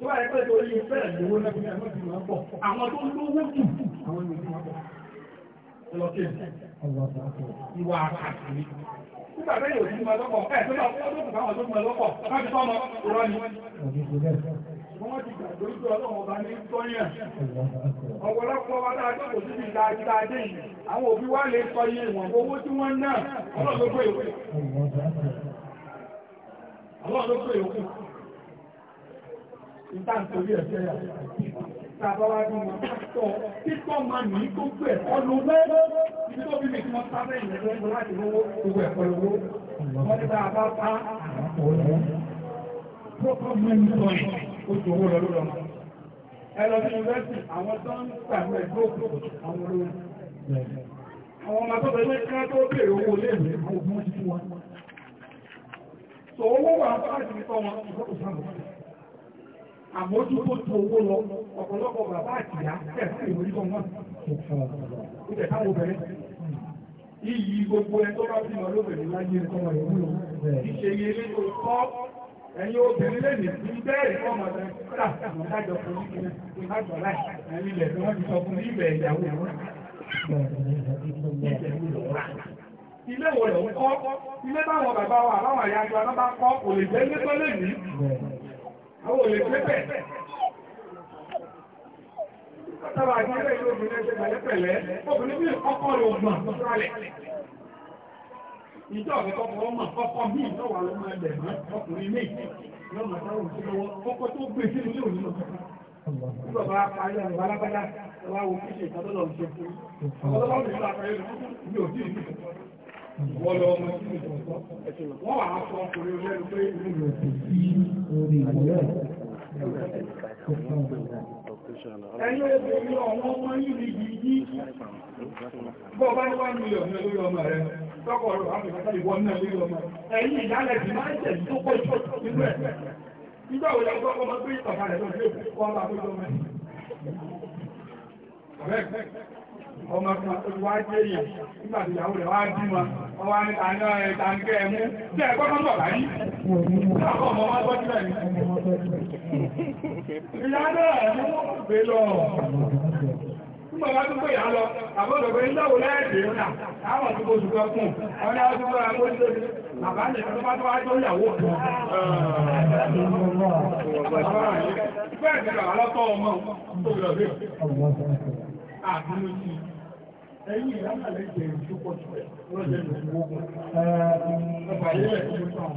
tó wáyé pé tó yí tó àwọn ìwà nígbà bẹ́ẹ̀ yóò máa lọ́pọ̀ ẹ̀ tó lọ́pọ̀ tó kù káwọn tó lọ́pọ̀ tó àwọn ìtàntorí ẹ̀fẹ́ yà tàbáwá bí wọn tọ́ títọ́ ma ní gbogbo ẹ̀kọ́ lówó ibi bí mi kí wọ́n sáré ìrẹ́lẹ́ láti lówó gbogbo ẹ̀kọ́ lówó wọ́n ní bá a bá pa àpòrò mẹ́ntọ́ ẹ̀ ojú owó lọ lọ́rọ̀ ẹ lọ sí yunifásitì àwọn tó ń gbàgbé ẹgbẹ́ òkú àwọn olóyún àwọn ọmọ tó bẹ̀rẹ̀ ká tó bèèrè owó léèrè àwọn ọmọ títí wọn so owó wà fáàdì nípa wọn ìfọ́kùsánù àmójútó tó owó lọ ọ̀pọ̀lọpọ̀ bàbá àtìyá tẹ̀sí ìwòríkọ̀ wọn. ó tẹ̀ káwọn obìnrin iyì gbogbo ẹ tó bá bímọ lóbìnrin láyé ẹ̀kọ́ rẹ̀ wúlò ìṣèyí ilé tó kọ́ ẹ̀yin obìnrin lè ní bí kọ́ ọmọ kúrà ìdájọ́ fún ìgbìmọ̀ ìdájọ́ láì ẹ̀yin ilẹ̀ tí wọ́n ti sọ fún ibẹ̀ ìyàwó ìwọ̀n àwọn olè pẹ́pẹ́ Tọ́bà àti ẹgbẹ́ ìlú obìnrin ṣe pẹ̀lẹ́pẹ̀lẹ́, obìnrin bí ọkọ̀ rẹ̀ ògbọ̀n sọ́lẹ̀. Ìjọ́ ọ̀gẹ́kọ́ fọwọ́ mọ̀ ọkọ̀ mí lọ́wọ́ ló máa bẹ̀ ọkùnrin mí lọ́nà táwọn òṣèlú ọkọ̀ tó gbé sínú ilé òní lọ́kọ̀. Bàbá parí àwọn alábádá, ọlá wo kíṣe ìtọ́lọ́ wọ́n lọ ọmọ sí ọmọ yìí yí. Bọ́ rẹ̀, tọ́kọ̀ ọmọ. Ẹ̀yìn ìdálẹ̀ ọmọ kan olùwá jẹ́ èèyàn nígbà tí ìyàwó rẹ̀ wá bí wọn ọwá ní àná ẹ̀ta ń kẹ́ ẹ̀mú tí ẹ̀kọ́ kan bọ̀ láyé láàkọ́ ọmọ wọn gbọ́ sílẹ̀ ìyá lọ Nígbà wá tún pé ìyá àwọn tó bóṣù kan kún, àwọn ni a tún bọ́ra sí lórí, àbájẹ̀ bá tó wá ìyàwó àbínú ẹ̀yìn ìyámàlẹ́ jẹ ìṣúpọ̀ jù ẹ̀ lọ́jẹ́ ìgbógun ẹ̀ẹ́dẹ̀ẹ́dẹ̀ ẹ̀ẹ́dẹ̀ẹ́dẹ̀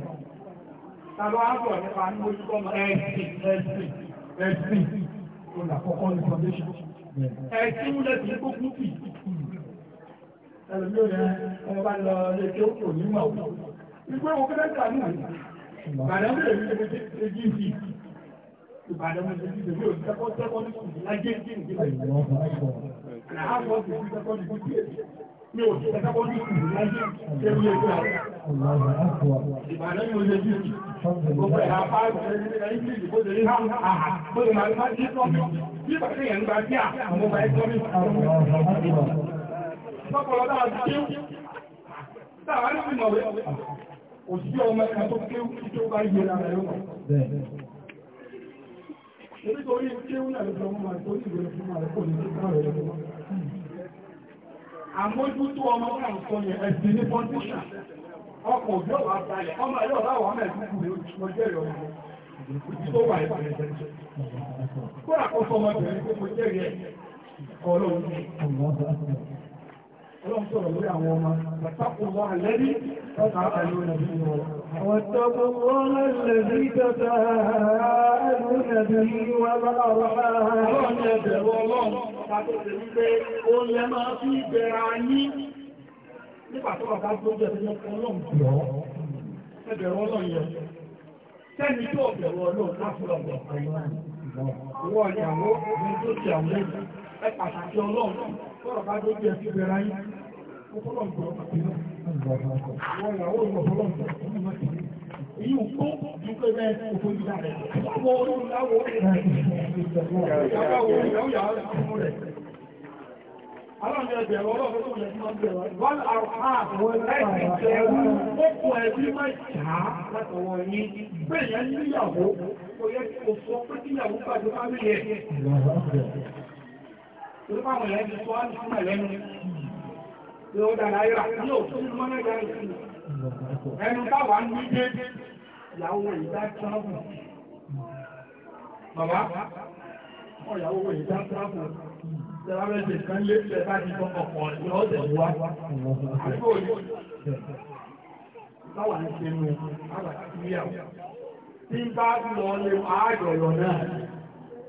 Tàbá àbọ̀ nípa ní ojú kọ́mọ ẹ̀sìn ẹ̀sìn ẹ̀sìn tó nà kọ́kọ́ ní foundation. Ẹ̀sìn wúlẹ̀ tí kó kú kì. Ẹlòmí ò yẹn Ìbàdàn mo ti fi ìdòwé òní sẹ́kọ́ sẹ́kọ́ ní kùn lájé ní ìdílé. Àwọn ọ̀sẹ̀ ti sẹ́kọ́ ní kùn mi ò sẹ́kọ́ ní kùn lájé ní ìdílé. Ìbàdàn ni mo lè bí mi. Gbogbo ẹ̀rọ apá ìṣẹ̀lẹ̀ ìdílé ìdìbò lè rí hàn áhà. Mo lè máa ń bá ní ìtọ́jú. Bí bàtí yẹn ń gba bí à, mo máa ń tọ́jú. Sọ́kọ̀lọ́ dáa ti kéwù. Táwa ní fi mọ̀wé. Òṣìṣẹ́ ọmọ ẹ̀ka tó kéwù tó bá yẹ lára ẹ̀rọ. Nítorí kí ó náà lọ́jọ́ máa tó ní ìwé fún àwọn ọkọ̀ ní kíkà rẹ̀ lọ́wọ́. Àmójútó ọmọ náà sọ yẹn ẹ̀sìn ní pọ́ńtíṣà. Ọkọ̀ òjò wà balẹ̀, ọmọ ẹ̀rọ láwọ̀ ọmọ ẹ̀dúkù ní ọjọ́ ìrọ̀rùn tó wà ìpàdé. Kó àkọ́kọ́ ọmọbìnrin tó mo jẹ́rìí ẹ̀ ọlọ́run ọlọ́pọ̀lọpọ̀ lórí àwọn ọmọ pàtàkùn wọn àlẹ́bí tọ́ta àlú nàbí wọn. واتقوا الله الذي تساءلون به والأرحام Nígbà tó bàbá gbójẹ̀ tí wọ́n kọ́ lọ́n bí ọ́, ẹbẹ̀rẹ̀ ọlọ́run yẹ. Tẹ́ni tó ọ̀bẹ̀rẹ̀ ọlọ́run láfúrọ̀ ọ̀pọ̀ ọ̀pọ̀ ìwọ̀n ìyàwó ní tó ti àwọn ẹgbẹ̀rẹ̀ ẹ pàtàkì ọlọ́run tọ́rọ̀ bá dójú ẹ síbẹ̀ ra yín ọpọlọ ìgbọ̀ àpẹẹrẹ àwọn ìyàwó ìgbọ̀ ọpọlọ ìgbọ̀ ọmọ ìgbọ̀ èyí ò kó ju pé bẹ́ẹ̀ òfò ìgbà rẹ̀ wọ́n wọ́n olùdáwọ̀ ìyàwó ìyàwó ìyàwó ìyàwó rẹ̀ Aláàrin ẹgbẹ̀rẹ̀ ọlọ́run tó yẹ kí wọ́n bẹ̀rẹ̀ wọ́n àrùn ààbò ẹgbẹ̀rẹ̀ ẹgbẹ̀rẹ̀ ọkùn ẹbí máa jà látọwọ́ yìí. Bẹ́ẹ̀ yẹn níyàwó, kò yẹ kí o sọ pé kíyàwó pàdé bá rí ẹ̀ torí pàwọn èèyàn ti sọ àti súnmọ̀ lẹ́nu tí ó dára ayọ́ra ní òfin mọ́nà ìjà ìsinmi ẹnu táwà ń ní dé ìyàwó ìdá tíráfù bàbá ọ̀yàwó ìdá tíráfù Ìjọba ẹ̀sẹ̀ kan lé ṣẹ̀ bá ti fọ́kọ̀ pọ̀ lọ́ọ̀dẹ̀ wá. Àgbò yìí. Báwa ń ṣe mú, báwa ti níyàwó. Tí ń bá lọ lè máa jọ̀lọ̀ náà.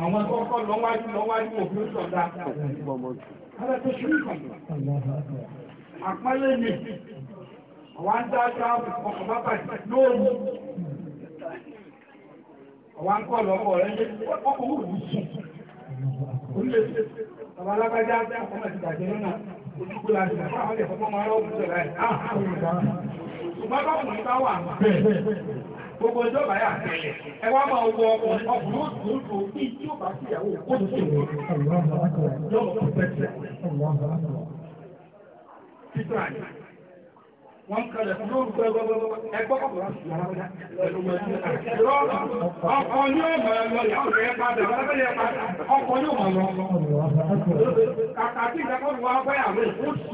àwọn tó kọ́ lọ́wájú lọ́wájú òfin sọ̀dá ara tó ṣe àpálẹ́ mi àwọn dáadáa ọkọ̀ bábà lóòrù àwọn ń kọ́ lọ́wọ́ rẹ̀ ní àwọn àwọn gbogbo ọjọ́ bàyà àtẹ̀lẹ̀ ẹ wá máa wọ ọkùnrin ọkùnrin òtútù bí tí ó bá sí ìyàwó ó ti ṣe wọ́n lọ́wọ́ tó bẹ́tẹ̀. títà ni wọ́n kalẹ̀ fún lóòrùn gbẹ́gbẹ́gbẹ́ ẹgbẹ́ ọ̀pọ̀ láti yàrá wọn pẹ̀lú wọn sí ọkọ̀ ní ó máa lọ ìyàwó rẹ̀ padà lábẹ́lẹ̀ padà ọkọ̀ ní ó máa lọ. kàkà tí ìdákọ́ ni wọ́n á bẹ́yàwó ó ṣe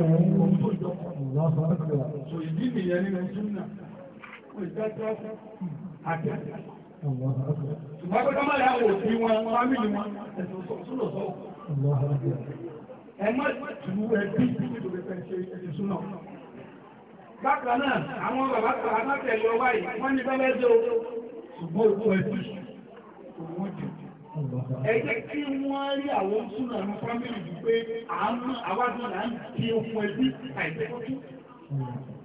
òun tó jọ ìjọ́jọ́ àjẹ́. Ṣùgbọ́n pé kọ́mọ̀lẹ́ àwọn òbí wọn, fámìlì wọn, ẹ̀sùn sọ́nà sọ́ọ̀. Ẹ má tù ẹbí nítorí pẹ̀ ṣe ẹ̀sùn súnà. Bákan náà, àwọn bàbá kan alákẹ̀lẹ́ ọwá yìí, wọ́n ní bẹ́lẹ́ o. Ṣùgbọ́n òkú ẹbí òun jù. Ẹ jẹ́ kí wọ́n rí àwọn súnà ní fámìlì yìí àwọn àwádìí là ń di okun ẹbí àìdẹ́kọ́jú.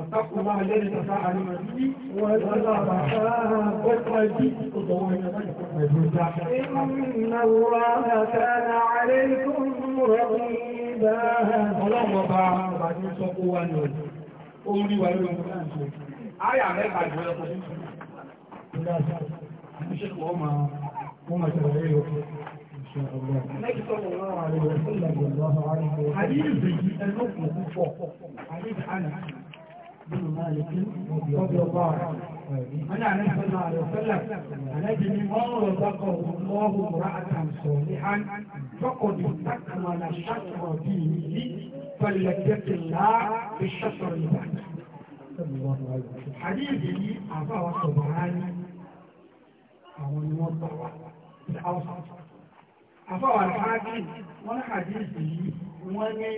واتقوا الله الذي تساءلون به إن الله كان عليكم رقيبا اللهم بارك بعد سوقوا ونود orí wà lórí ọmọ náà ṣe ayà mẹ́ta jù ẹ́kọ́ ìṣẹ́kọ̀ ọmọ ọmọ ìṣẹ̀lẹ̀ yóò Àdíjì ẹlọ́pùpù pọ̀, àdíjì بن مالك رضي الله عنه أنا عليه صلى الله عليه وسلم الذي من رزقه الله امرأة صالحا فقد استكمل شطر دينه فليتق الله بالشطر البعد حديثي أعطاه الطبراني أو الموضوع في الأوسط أعطاه الحاكم ولا حديثي ولا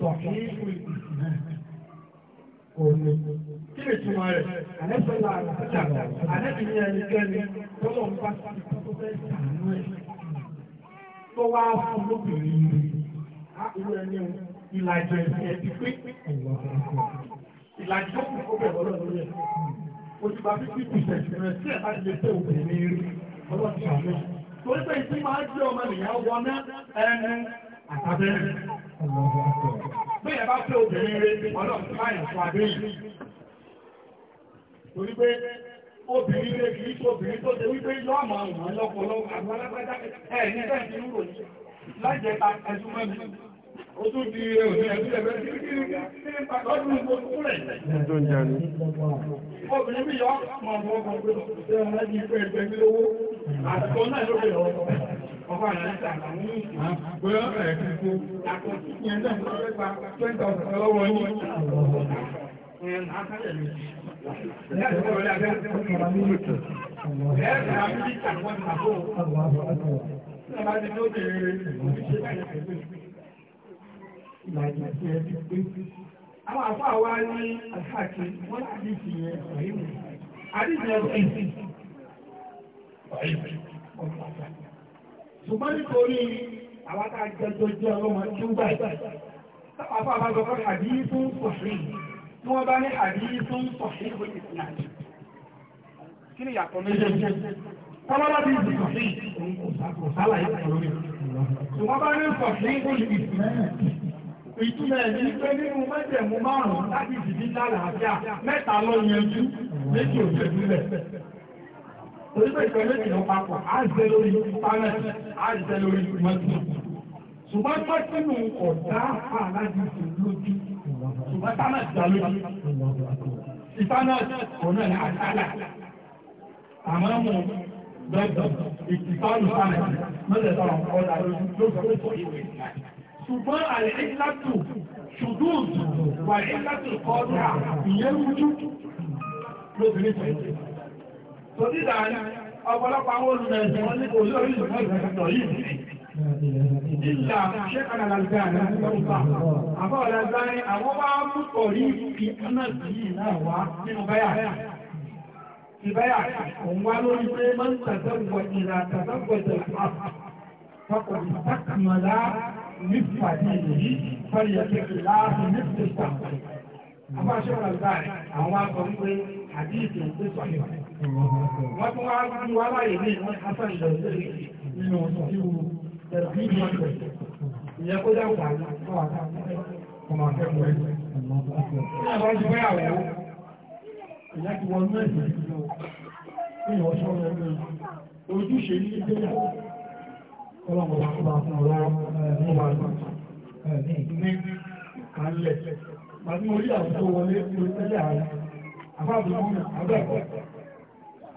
صحيح الإسلام òní. Kí ni ìtumọ̀ rẹ̀? Àlẹ́sọ̀lá àlàáfíà àlẹ́bí ní ẹnikẹ́ni tọ́lọ̀ ń fún lóbìnrin rẹ̀, á irú ẹni ìlàjọ ẹ̀sìn rẹ̀ sí ẹ̀ bá ti lè fẹ́ obìnrin rí ọlọ́ọ̀tì àmì. Torí pé ìsín máa ń jẹ́ ọmọ nìyàwó náà ẹni àtàbẹ̀rẹ̀. Bí ẹ bá fẹ́ obìnrin rẹ̀, ọlọ́run máa yàn fún adé yìí. Torí pé obìnrin rẹ̀ kìí tó obìnrin tó ṣe wípé yóò máa wọ̀n lọ́pọ̀lọpọ̀ Lájẹta ẹ̀sùn mẹ́mi. Ó tún di òní ẹ̀sùn ẹ̀fẹ́ sí kiri kí ní pàtó ọdún ìgbò kúrẹ̀. Obìnrin bí yọ máa wọ́n kan pé ọ̀sẹ̀ ọ̀rẹ́ ọkọ̀ àlàáta àmì ìgbà bóyá ẹ̀ẹ́dẹ́gbó àkọsí yẹn náà Àwọn àfọ́ àwa ní àṣàkì wọ́n láti fi yẹn ọ̀rẹ́ mi. Àdìsí Ọ̀pọ̀ ṣùgbọ́n nítorí àwọn tá a jẹjọ jẹ́ ọlọ́mọ tí ó gbáyé sábàbà bá gbọ́ pé àdíyí fún sọ̀rí tí wọ́n bá ní àdíyí fún sọ̀rí ìwé ìsìnàjì kí ni ìyàtọ̀ méjèèjì tọ́lọ́lá bí ìsìn sọ̀rí òun kò sálà ìsìn lórí ṣùgbọ́n bá ní sọ̀rí ìwé ìsìnàjì ìtumẹ̀ ní pé nínú mẹ́jẹ̀mú márùn-ún láti ìdílé àlàáfíà mẹ́ta ló yanjú méjì òjò torí pé ìfẹ́ méjì lọ papọ̀ á jẹ́ lórí pálẹ̀tì á jẹ́ lórí mọ́tò ṣùgbọ́n tó sínú ọ̀dá aláàjì sí lójú ṣùgbọ́n tá náà dá lójú ìtànà ọ̀nà ní àtàlà àmọ́ mú dọ́dọ̀ ìtìtọ́nù pálẹ̀tì mọ́tò tọrọ ọ̀dà lójú ló fẹ́ fọ ìwé ìgbà ṣùgbọ́n àlẹ́ ìlàtù ṣùdúùdù wà ìlàtù kọ́ọ̀dà ìyẹn lójú lóbìnrin pẹ̀lú tó nígbà ọ̀pọ̀lọpọ̀ àwọn olùrẹ̀ẹ̀sẹ̀ wọn ní kò lórí ìlú ìrẹ̀sọ̀ yìí ìlà ṣe kàdàlà gbàdà lọ́pàá àbọ̀wọ̀lá gbáyé àwọn bá mú pọ̀ rí ìpínlẹ̀ yìí náà wá nínú báyà ìbáyà òun wá lórí pé máa ń tàbẹ̀wọ̀ ìlà tàbẹ̀wọ̀ ìtàkùnmọ̀lá pápọ̀lùtàkùnmọ̀lá nípàdé yìí fọ́lìyàkẹ́kẹ́ láàrín nípàdé wọ́n tún wá rí wá láyé ní ìwọ̀n afẹ́ ìdọ̀lẹ́ nínú ọ̀sán tí ó tẹ̀lé ní ọ̀sẹ̀ ìyẹn kó dá wà ní ọmọ akẹ́kọ̀ọ́ ẹ̀ ní àwọn ti wẹ́ àwọ̀ ìyá ti wọ́n mẹ́rin ní ọ̀sán rẹ̀ ojúṣe ní ilé ọlọ́mọ bá fún àwọn ọ̀rọ̀ ọmọ ní kalẹ̀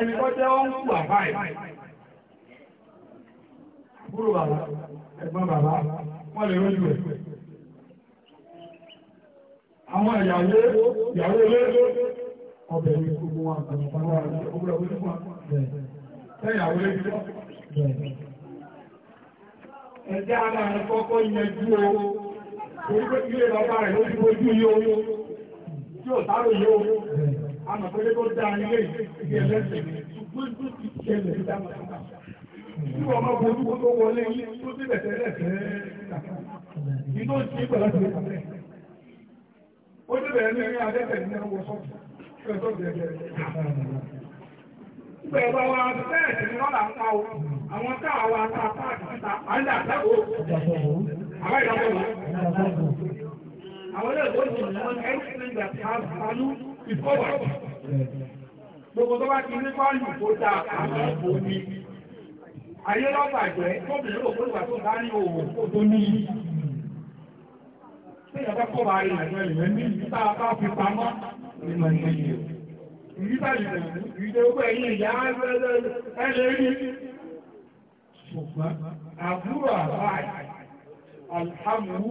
ẹni kọ́ jẹ́ wọ́n kú bàbá ẹ̀ búrò bàbá ẹ̀gbọ́n bàbá wọ́n lè rójú ẹ̀ àwọn ìyàwó ìyàwó ilé ọbẹ̀ ní gbogbo wọn àgbàmọ̀ yóò sáré yóò amọ̀pẹ́lẹ́ tó dáa nílé ìdí ẹlẹ́sẹ̀ ṣùgbọ́n tó ti ṣẹlẹ̀ sí dáwọn ọ̀gá. Tí wọ́n máa bojú kó tó wọlé yín tó ti bẹ̀tẹ̀ lẹ́sẹ̀ Àwọn tá àwa ta páàkì síta, à Àwọn ìdàgbọ̀ Àwọn ilé ìwé ìwọ̀n ẹ̀rí sí ìgbà ìfọwọ́dì. Gbogbo tó bá ti ní pálù tó da àwọn omi. Ayé lọ́gbàjẹ́ kóbìnrin òkú ìwà tó bá ní òun kó tó ní. Ṣé ìjọba kọ́ rí ìrìnàjò ẹ̀lẹ́ ní ìta bá fi pamọ́ nínú ẹ̀yìn yìí? Ìyíta ìrìnàjò ìdẹ́gbẹ́ yìí ìyá ẹlẹ́rìí. Ṣùgbọ́n àbúrò àbáyé, alhamdu,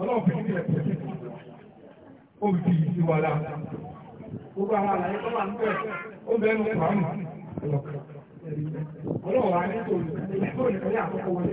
ọlọ́ọ̀fẹ́ ní ẹ̀kọ́ ó fi ìsí wa la gbogbo àwọn àlàyé tó máa ń bẹ̀ ó bẹ́ẹ̀ ní kùránù ọlọ́ọ̀wá ní tòlù ìṣó nìkan wọlé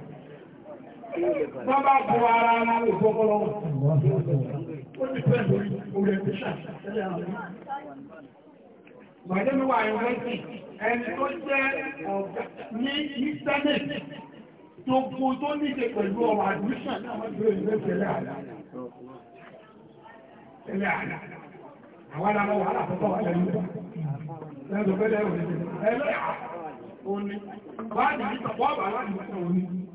wọ́n bá bu ara wọn lè fọ́kọ́lọ́ ó ti pẹ́ lórí orí ẹ̀kú ṣàṣẹ́lẹ̀ àwọn Mọ̀dẹ́mi wà ìrẹ́sì ẹni tó jẹ́ ọ̀gá ní Senate tó kú tó níṣe pẹ̀lú ọ̀rọ̀ admission náà wọ́n ti rẹ̀ ìrẹ́sì ẹlẹ́ àdá. Ẹlẹ́ àdá. Àwọn adámọ́ wàhálà tó tọ́ wà lẹ́nu bá. Lẹ́nu tó fẹ́ lẹ́rù ní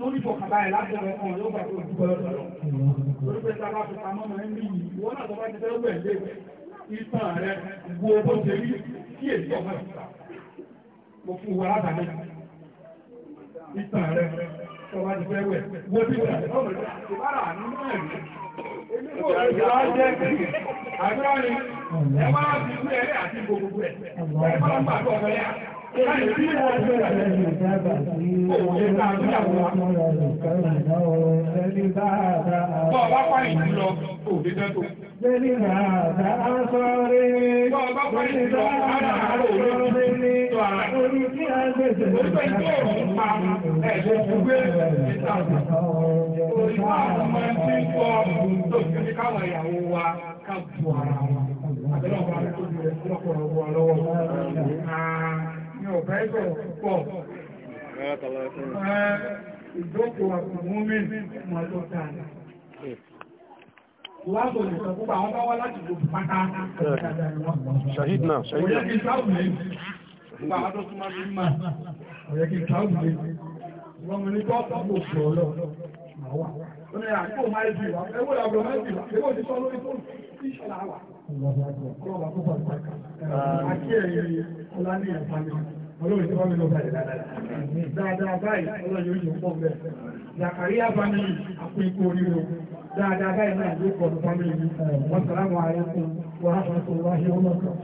tó ní fọ̀kàtà ẹ̀ láti ẹ̀rọ ọkàn yóò gbà tó dúpẹ́ lọ́dọ̀ lọ. Torí pé sábà fi pamọ́ mọ́ ẹ̀mí yìí, wọ́n náà tó bá ti fẹ́ wẹ̀ lé ìtàn rẹ̀ wo bó ṣe rí kí èyí ọ̀gá ìta. Mo fún wa látàlẹ́ ìtàn rẹ̀ tó bá ti fẹ́ wẹ̀ wo bí wẹ̀ lọ́wọ́ rẹ̀ ìbára nínú ẹ̀mí. Ìjọba jẹ́ pé àgbáyé ẹ máa fi wú ẹ̀rẹ́ àti gbogbo ẹ̀. Ẹ máa ń gbàgbọ́ ọ̀rẹ́ Bọ́ọ̀bá pàrí lọ òbí tẹ́tò. Bẹ́ẹ̀ni àdá sọ́rí, bọ́ọ̀bá pàrí lọ ara àárò olóòrùn ní ọ̀rọ̀ orí tí a gbèsè. Orípẹ́ ìgbé òun pa ẹ̀ṣẹ́ gbogbo ìtàkùn. Orí máa mọ́ tí ń kọ́ tó fi káwọn ìyàwó wa ká bù ara wọn. Àbẹ́lọ́pàá tó jẹ́ ọ̀pọ̀lọpọ̀ lọ́wọ́ ọ̀fẹ́ sọ̀rọ̀ púpọ̀. Ìjókòó àkùnmọ́mí wọn lọ dáadáa. Láàbò lè sọ púpọ̀ àwọn bá wá láti gbogbo pátá. Ṣahid náà, ṣahid náà. Òyẹ́ kí n tábùlé. Nígbà àádọ́ tó máa ń mọ̀. Òyẹ́ kí n tábùlé. Wọ́n mi ní tọ́tọ́ kò sọ̀rọ̀. Màwá. Ó ní àkókò máa ń bì wá. Ẹwọ́ làbọ̀ máa ń bì wá. Ẹwọ́ ti sọ lórí fóònù. Ìṣọ̀lá wà. Ọlọ́wà púpọ̀ ìpàkà. Àkí ẹ̀yẹ ọlá ní ẹ̀fà ni. Ọlọ́run tí wọ́n mi lọ báyìí dáadáa. Dáadáa báyìí ọlọ́run yóò pọ̀ bẹ́ẹ̀. Zakaria family àpò ikú oríro. Dáadáa báyìí náà yóò pọ̀ ní family. Wọ́n sàlámù ààrẹ fún wa. Wọ́n á sọ wáyé ọlọ́kọ̀ọ́.